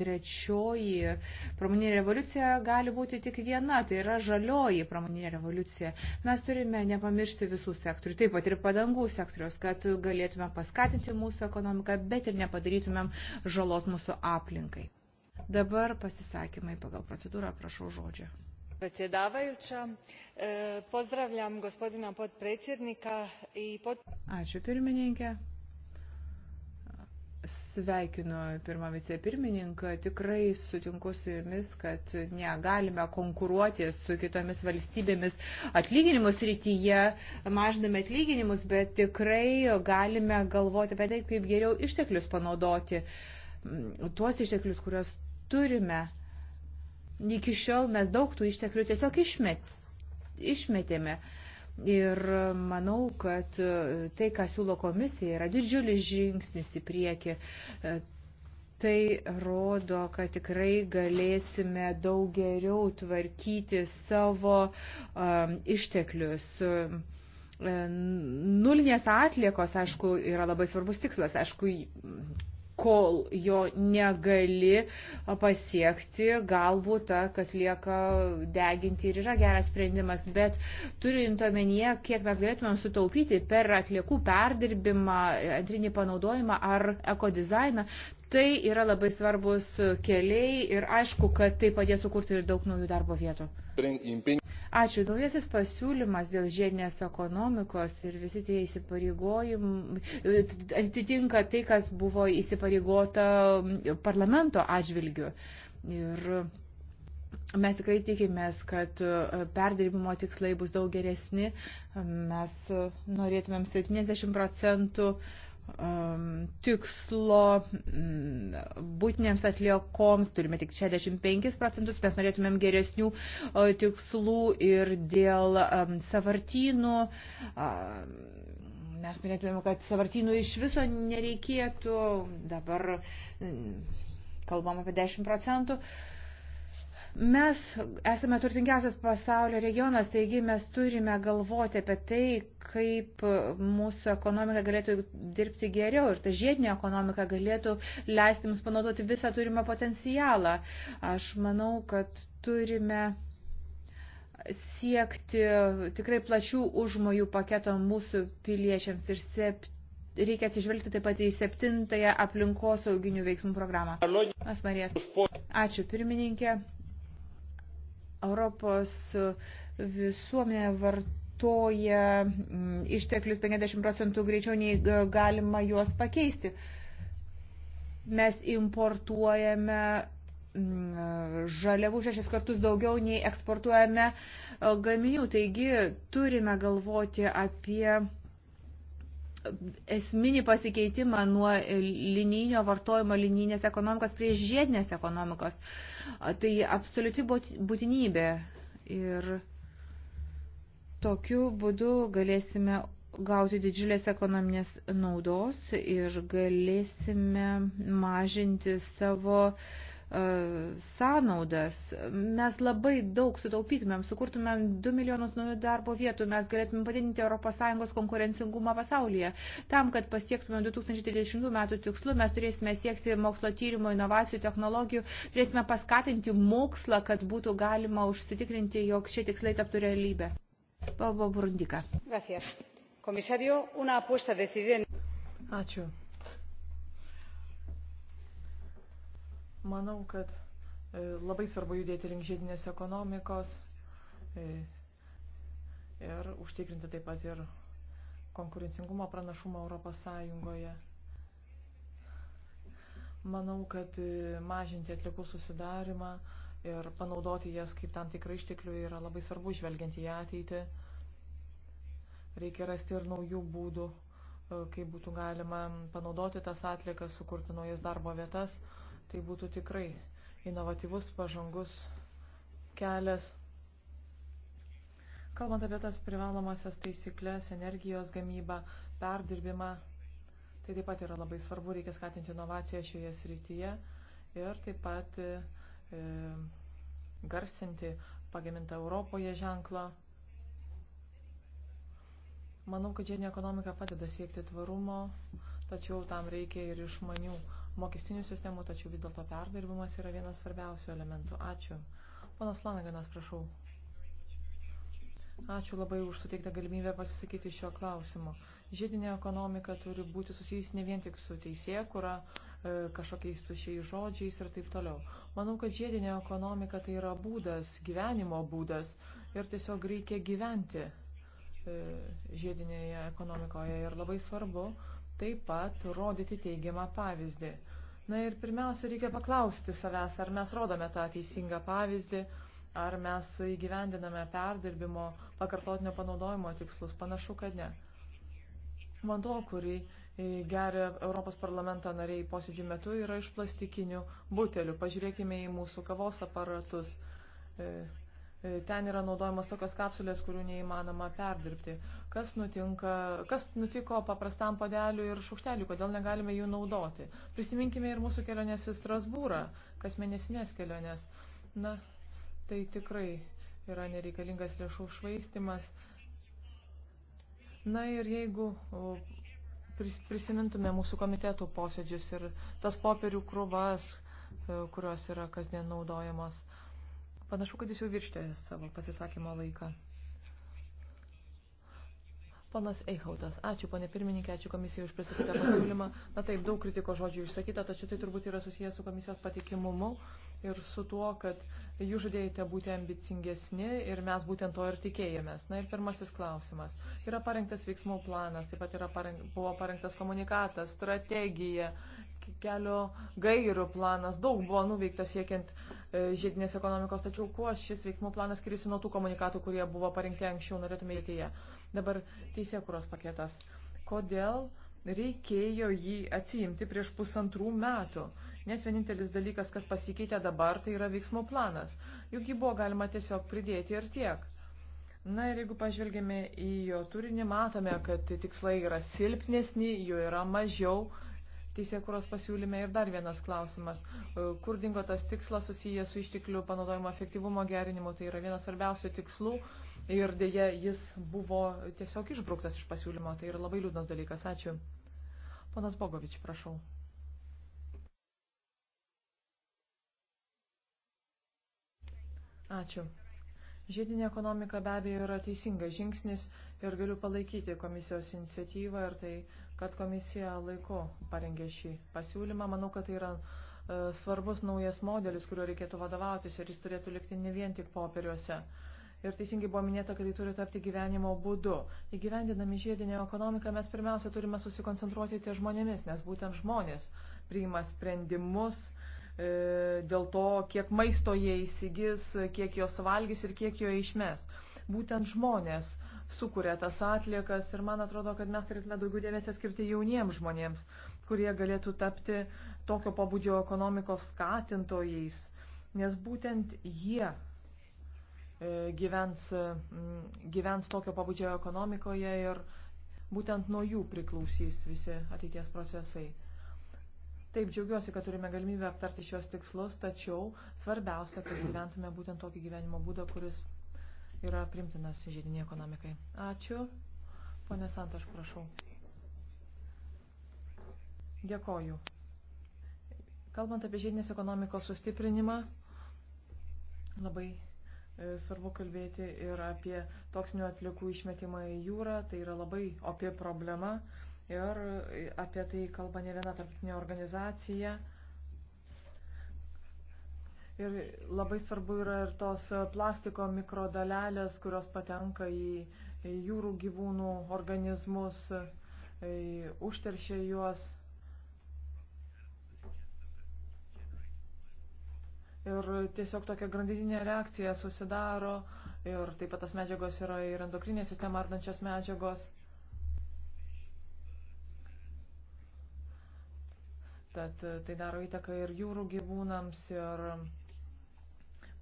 trečioji pramoninė revoliucija gali būti tik viena, tai yra žalioji pramoninė revoliucija. Mes turime nepamiršti visų sektorių, taip pat ir padangų sektorius, kad galėtume paskatinti mūsų ekonomiką, bet ir nepadarytumėm žalos mūsų aplinkai. Dabar pasisakymai pagal procedūrą, prašau žodžio. Predsėdavaičia, e, pozdravljam gospodina podpredsjednika į pod... Ačiū pirmininkė. Sveikinu pirmą vicepirmininką. Tikrai sutinku su jumis, kad negalime konkuruoti su kitomis valstybėmis atlyginimus rytyje, mažiname atlyginimus, bet tikrai galime galvoti apie tai, kaip geriau išteklius panaudoti. Tuos išteklius, kuriuos turime. Iki šiol mes daug tų išteklių tiesiog išmet, išmetėme. Ir manau, kad e, tai, ką siūlo komisija, yra didžiulis žingsnis į priekį. E, tai rodo, kad tikrai galėsime daug geriau tvarkyti savo um, išteklius. Nulinės atliekos, aišku, yra labai svarbus tikslas. Aišku, kol jo negali pasiekti, galbūt ta, kas lieka deginti ir yra geras sprendimas, bet turint omenyje, kiek mes galėtumėm sutaupyti per atliekų perdirbimą, antrinį panaudojimą ar ekodizainą, Tai yra labai svarbus keliai ir aišku, kad tai padės sukurti ir daug naujų darbo vietų. Ačiū. Naujasis pasiūlymas dėl žiedinės ekonomikos ir visi tie įsipareigojimai atitinka tai, kas buvo įsipareigota parlamento atžvilgiu. Ir Mes tikrai tikimės, kad e, perdirbimo tikslai bus daug geresni. Mes norėtumėm 70 procentų uh, Um, tikslo mm, būtinėms atliekoms, turime tik 65 procentus, mes norėtumėm geresnių tikslų ir dėl um, savartynų. Um, mes norėtumėm, kad savartynų iš viso nereikėtų, dabar mm, kalbam apie 10 procentų. Uh, Mes esame turtingiausias pasaulio regionas, taigi mes turime galvoti apie tai, kaip mūsų ekonomika galėtų dirbti geriau ir ta žiedinė ekonomika galėtų leisti mums panaudoti visą turimą potencialą. Aš manau, kad turime siekti tikrai plačių užmojų paketo mūsų piliečiams ir septynių reikia atsižvelgti taip pat į septintąją aplinkosauginių veiksmų programą. Asmarijas. Ačiū pirmininkė. Europos e, visuomenė vartoja išteklius 50 procentų greičiau nei e, galima juos pakeisti. Mes importuojame e, žaliavų šešis kartus daugiau nei eksportuojame gaminių. Taigi turime galvoti apie esminį pasikeitimą nuo linijinio vartojimo linijinės ekonomikos prie žiedinės ekonomikos. Uh, Tai absoliuti būtinybė. Ir tokiu būdu galėsime gauti didžiulės ekonominės naudos ir galėsime mažinti savo uh, E, sąnaudas, mes labai daug sutaupytumėm, sukurtumėm 2 milijonus naujų darbo vietų, mes galėtumėm padidinti ES konkurencingumą pasaulyje. Tam, kad pasiektumėm 2030 metų tikslų, mes turėsime siekti mokslo tyrimo, inovacijų, technologijų, turėsime paskatinti mokslą, kad būtų galima užsitikrinti, jog šie tikslai taptų realybę. Pavo Burundika. Gracias. Komisario, una apuesta decidida. Ačiū. Manau, kad e, labai svarbu judėti link žiedinės ekonomikos e, ir užtikrinti taip pat ir konkurencingumo pranašumą Europos Sąjungoje. Manau, kad e, mažinti atlikų susidarimą ir panaudoti jas kaip tam tikrą išteklių yra labai svarbu žvelgiant į ateitį. Reikia rasti ir naujų būdų, kaip būtų galima panaudoti tas atlikas, sukurti naujas darbo vietas. Tai būtų tikrai inovatyvus, pažangus kelias. Kalbant apie tas privalomasias taisyklės, energijos gamybą, perdirbimą, tai taip pat yra labai svarbu, reikia skatinti inovaciją šioje srityje ir taip pat e, garsinti pagamintą Europoje ženklą. Manau, kad žiedinė ekonomika padeda siekti tvarumo, tačiau tam reikia ir išmanių mokestinių sistemų, tačiau vis dėlto perdirbimas yra vienas svarbiausių elementų. Ačiū. Ponas Lanaganas, prašau. Ačiū labai už suteiktą galimybę pasisakyti šio klausimo. Žiedinė ekonomika turi būti susijusi ne vien tik su teisė, kura e, kažkokiais tušiais žodžiais ir taip toliau. Manau, kad žiedinė ekonomika tai yra būdas, gyvenimo būdas ir tiesiog reikia gyventi e, žiedinėje ekonomikoje ir labai svarbu, taip pat rodyti teigiamą pavyzdį. Na ir pirmiausia, reikia paklausti savęs, ar mes rodome tą teisingą pavyzdį, ar mes įgyvendiname perdirbimo pakartotinio panaudojimo tikslus. Panašu, kad ne. Vanduo, kurį e, geria Europos parlamento nariai posėdžių metu, yra iš plastikinių butelių. Pažiūrėkime į mūsų kavos aparatus. E, E, ten yra naudojamos tokios kapsulės, kurių neįmanoma perdirbti. Kas, nutinka, kas nutiko paprastam padeliu ir šaukšteliu, kodėl negalime jų naudoti? Prisiminkime ir mūsų keliones į Strasbūrą, kas mėnesinės keliones. Na, tai tikrai yra nereikalingas lėšų švaistimas. Na ir jeigu prisimintume mūsų komitetų posėdžius ir tas popierių krūvas, e, kurios yra kasdien naudojamos, Panašu, kad jūs jau virštėje savo pasisakymo laiką. Ponas Eichautas, ačiū ponė pirmininkė, ačiū komisijai už pristatytą pasiūlymą. Na taip, daug kritiko žodžių išsakyta, tačiau tai turbūt yra susijęs su komisijos patikimumu ir su tuo, kad jūs žadėjote būti ambicingesni ir mes būtent to ir tikėjomės. Na ir pirmasis klausimas. Yra parengtas veiksmų planas, taip pat yra pareng, buvo parengtas komunikatas, strategija, kelio gairių planas, daug buvo nuveikta siekiant E, žiedinės ekonomikos, tačiau kuo šis veiksmų planas skiriasi nuo tų komunikatų, kurie buvo parengti anksčiau, norėtume įtėje. Dabar teisė kuros paketas. Kodėl reikėjo jį atsiimti prieš pusantrų metų? Nes vienintelis dalykas, kas pasikeitė dabar, tai yra veiksmų planas. Juk jį buvo galima tiesiog pridėti ir tiek. Na ir jeigu pažvelgėme į jo turinį, matome, kad tikslai yra silpnesni, jų yra mažiau teisėkuros pasiūlyme. Ir dar vienas klausimas. E, kur dingo tas tikslas susijęs su išteklių panaudojimo efektyvumo gerinimu? Tai yra vienas svarbiausių tikslų ir dėja jis buvo tiesiog išbruktas iš pasiūlymo. Tai yra labai liūdnas dalykas. Ačiū. Ponas Bogovič, prašau. Ačiū. Žiedinė ekonomika be abejo yra teisingas žingsnis ir galiu palaikyti komisijos iniciatyvą ir tai, kad komisija laiku parengė šį pasiūlymą. Manau, kad tai yra e, svarbus naujas modelis, kuriuo reikėtų vadovautis ir jis turėtų likti ne vien tik popieriuose. Ir teisingai buvo minėta, kad tai turi tapti gyvenimo būdu. Įgyvendinami žiedinę ekonomiką mes pirmiausia turime susikoncentruoti tie žmonėmis, nes būtent žmonės priima sprendimus, uh, E, dėl to, kiek maisto jie įsigis, kiek jo suvalgys ir kiek jo išmes. Būtent žmonės sukuria tas atliekas ir man atrodo, kad mes turėtume daugiau dėmesio skirti jauniems žmonėms, kurie galėtų tapti tokio pabudžio ekonomikos skatintojais, nes būtent jie e, gyvens, gyvens tokio pabudžio ekonomikoje ir būtent nuo jų priklausys visi ateities procesai. Taip, džiaugiuosi, kad turime galimybę aptarti šios tikslus, tačiau svarbiausia, kad gyventume būtent tokį gyvenimo būdą, kuris yra primtinas žiediniai ekonomikai. Ačiū. Pone Santaš, prašau. Dėkoju. Kalbant apie žiedinės ekonomikos sustiprinimą, labai e, svarbu kalbėti ir apie toksinių atlikų išmetimą į jūrą. Tai yra labai opi problema ir apie tai kalba ne viena tarptautinė organizacija. Ir labai svarbu yra ir tos plastiko mikrodalelės, kurios patenka į jūrų gyvūnų organizmus, užteršia juos. Ir tiesiog tokia grandininė reakcija susidaro ir taip pat tas medžiagos yra ir endokrinė sistema ardančios medžiagos. Tad e, tai daro įtaką ir jūrų gyvūnams, ir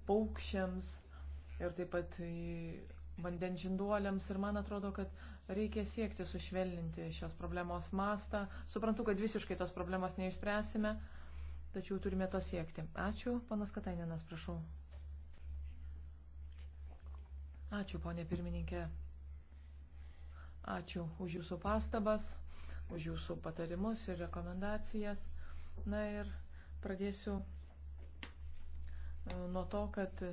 paukščiams, ir taip pat vandenžinduoliams. Ir man atrodo, kad reikia siekti sušvelninti šios problemos mastą. Suprantu, kad visiškai tos problemos neišspręsime, tačiau turime to siekti. Ačiū, panas Katainenas, prašau. Ačiū, ponė pirmininkė. Ačiū už jūsų pastabas, už jūsų patarimus ir rekomendacijas. Na ir pradėsiu e, nuo to, kad e,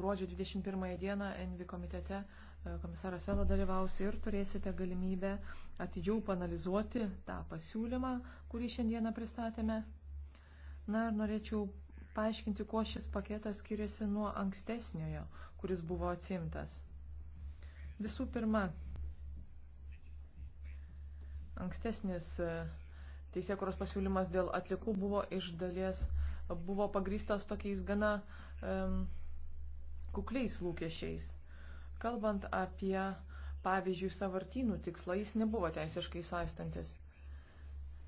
gruodžio 21 dieną Envi komitete e, komisaras Vela dalyvaus ir turėsite galimybę atidžiau panalizuoti tą pasiūlymą, kurį šiandieną pristatėme. Na ir norėčiau paaiškinti, kuo šis paketas skiriasi nuo ankstesniojo, kuris buvo atsimtas. Visų pirma, ankstesnis uh, teisėkuros pasiūlymas dėl atlikų buvo iš dalies buvo pagrystas tokiais gana um, kukliais lūkesčiais. Kalbant apie, pavyzdžiui, savartynų tikslą, jis nebuvo teisiškai saistantis.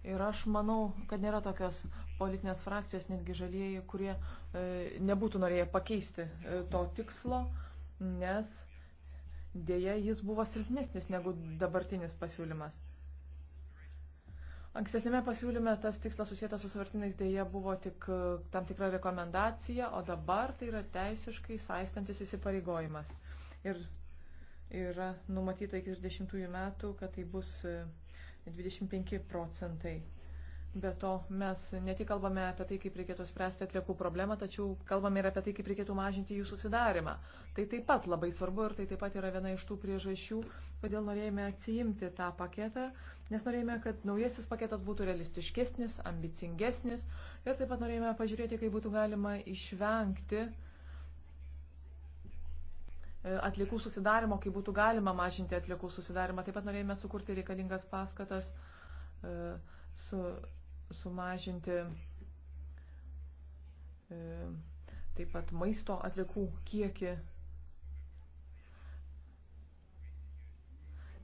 Ir aš manau, kad nėra tokios politinės frakcijos, netgi žalieji, kurie e, nebūtų norėję pakeisti e, to tikslo, nes dėja jis buvo silpnesnis negu dabartinis pasiūlymas. Ankstesnėme pasiūlyme tas tikslas susijęs su savartinais dėja buvo tik e, tam tikra rekomendacija, o dabar tai yra teisiškai saistantis įsipareigojimas. Ir yra numatyta iki 30 metų, kad tai bus 25 e, procentai. Be to, mes ne tik kalbame apie tai, kaip reikėtų spręsti atliekų problemą, tačiau kalbame ir apie tai, kaip reikėtų mažinti jų susidarimą. Tai taip pat labai svarbu ir tai taip pat yra viena iš tų priežasčių, kodėl norėjome atsiimti tą paketą, nes norėjome, kad naujasis paketas būtų realistiškesnis, ambicingesnis ir taip pat norėjome pažiūrėti, kaip būtų galima išvengti e, atliekų susidarimo, kaip būtų galima mažinti atliekų susidarimą. Taip pat norėjome sukurti reikalingas paskatas e, su sumažinti e, taip pat maisto atliekų kiekį.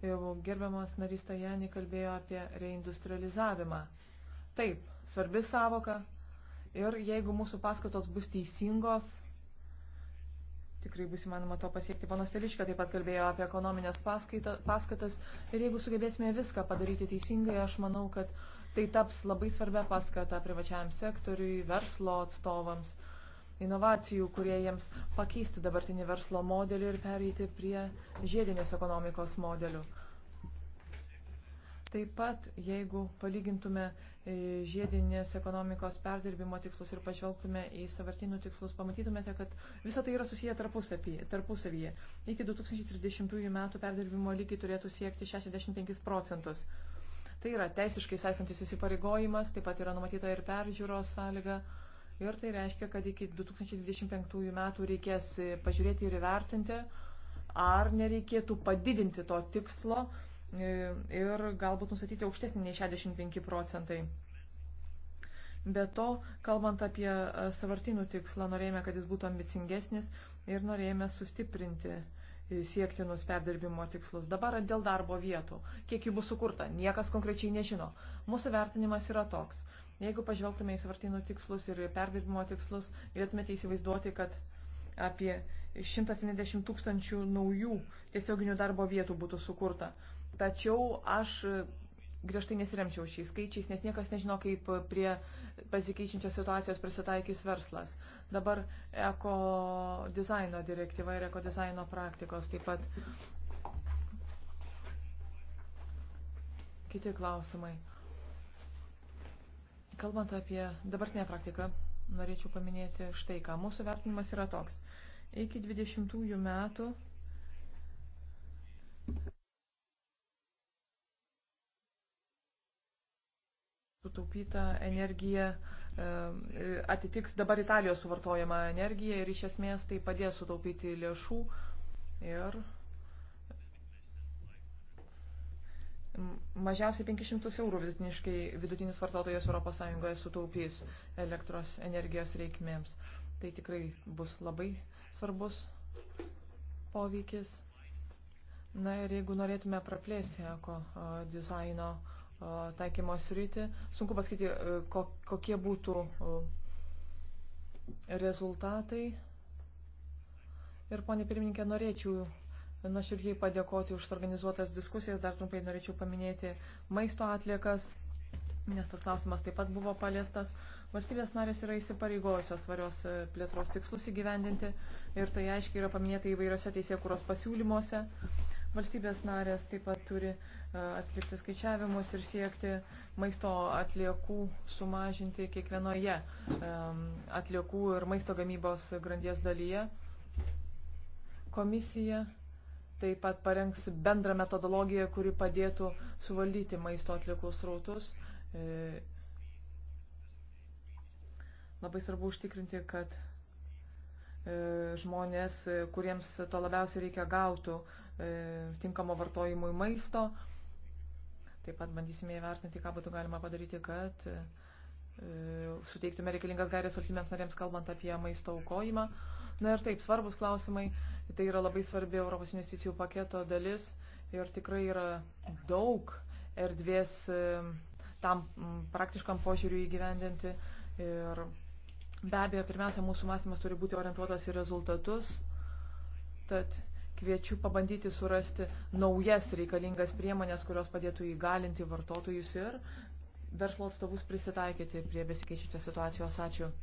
Jau e, gerbiamas narys Tajani kalbėjo apie reindustrializavimą. Taip, svarbi savoka. Ir jeigu mūsų paskatos bus teisingos, tikrai bus įmanoma to pasiekti. Panas Teliška taip pat kalbėjo apie ekonominės paskaita, paskatas. Ir jeigu sugebėsime viską padaryti teisingai, aš manau, kad uh, Tai taps labai svarbia paskata privačiam sektoriui, verslo atstovams, inovacijų kuriejams pakeisti dabartinį verslo modelį ir pereiti prie žiedinės ekonomikos modelių. Taip pat, jeigu palygintume e, žiedinės ekonomikos perdirbimo tikslus ir pažvelgtume į savartinių tikslus, pamatytumėte, kad visa tai yra susiję tarpusavyje. Iki 2030 metų perdirbimo lygiai turėtų siekti 65 procentus. Tai yra teisiškai saistantis įsipareigojimas, taip pat yra numatyta ir peržiūros sąlyga. Ir tai reiškia, kad iki 2025 metų reikės pažiūrėti ir įvertinti, ar nereikėtų padidinti to tikslo e, ir galbūt nustatyti aukštesnį nei 65 procentai. Be to, kalbant apie e, savartinų tikslą, norėjome, kad jis būtų ambicingesnis ir norėjome sustiprinti uh, siektinus perdirbimo tikslus. Dabar dėl darbo vietų. Kiek jų bus sukurta, niekas konkrečiai nežino. Mūsų vertinimas yra toks. Jeigu pažvelgtume į svartinų tikslus ir perdirbimo tikslus, galėtumėte įsivaizduoti, kad apie 170 tūkstančių naujų tiesioginių darbo vietų būtų sukurta. Tačiau aš griežtai nesiremčiau šiais skaičiais, nes niekas nežino, kaip prie pasikeičiančios situacijos prisitaikys verslas. Dabar eko dizaino direktyva ir eko dizaino praktikos taip pat. Kiti klausimai. Kalbant apie dabartinę praktiką, norėčiau paminėti štai ką. Mūsų vertinimas yra toks. Iki 20 metų sutaupyta energija e, atitiks dabar Italijos suvartojama energija ir iš esmės tai padės sutaupyti lėšų ir mažiausiai 500 eurų vidutiniškai vidutinis vartotojas ES sutaupys elektros energijos reikmėms. Tai tikrai bus labai svarbus poveikis. Na ir jeigu norėtume praplėsti eko e, dizaino uh, taikymo sritį. Sunku pasakyti, kokie būtų rezultatai. Ir, ponė pirmininkė, norėčiau nuoširdžiai padėkoti už organizuotas diskusijas. Dar trumpai norėčiau paminėti maisto atliekas, nes tas klausimas taip pat buvo paliestas. Valstybės narės yra įsipareigojusios tvarios plėtros tikslus įgyvendinti ir tai aiškiai yra paminėta įvairiose teisėkuros pasiūlymuose. Valstybės narės taip pat turi e, atlikti skaičiavimus ir siekti maisto atliekų sumažinti kiekvienoje e, atliekų ir maisto gamybos grandies dalyje. Komisija taip pat parengs bendrą metodologiją, kuri padėtų suvaldyti maisto atliekų srautus. E, labai svarbu užtikrinti, kad E, žmonės, kuriems to labiausiai reikia gautų e, tinkamo vartojimui maisto. Taip pat bandysime įvertinti, ką būtų galima padaryti, kad e, suteiktume reikalingas gairės valstybėms narėms, kalbant apie maisto aukojimą. Na ir taip, svarbus klausimai, tai yra labai svarbi Europos investicijų paketo dalis ir tikrai yra daug erdvės tam praktiškam požiūriui įgyvendinti. Ir Be abejo, pirmiausia, mūsų mąstymas turi būti orientuotas į rezultatus, tad kviečiu pabandyti surasti naujas reikalingas priemonės, kurios padėtų įgalinti vartotojus ir verslo atstovus prisitaikyti prie besikeičiančios situacijos. Ačiū.